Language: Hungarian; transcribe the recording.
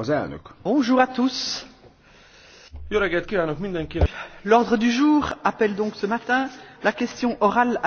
Az elnök. Bonjour à tous. Jó reggelt kívánok mindenkinek. L'ordre du jour appelle donc ce matin la question orale à la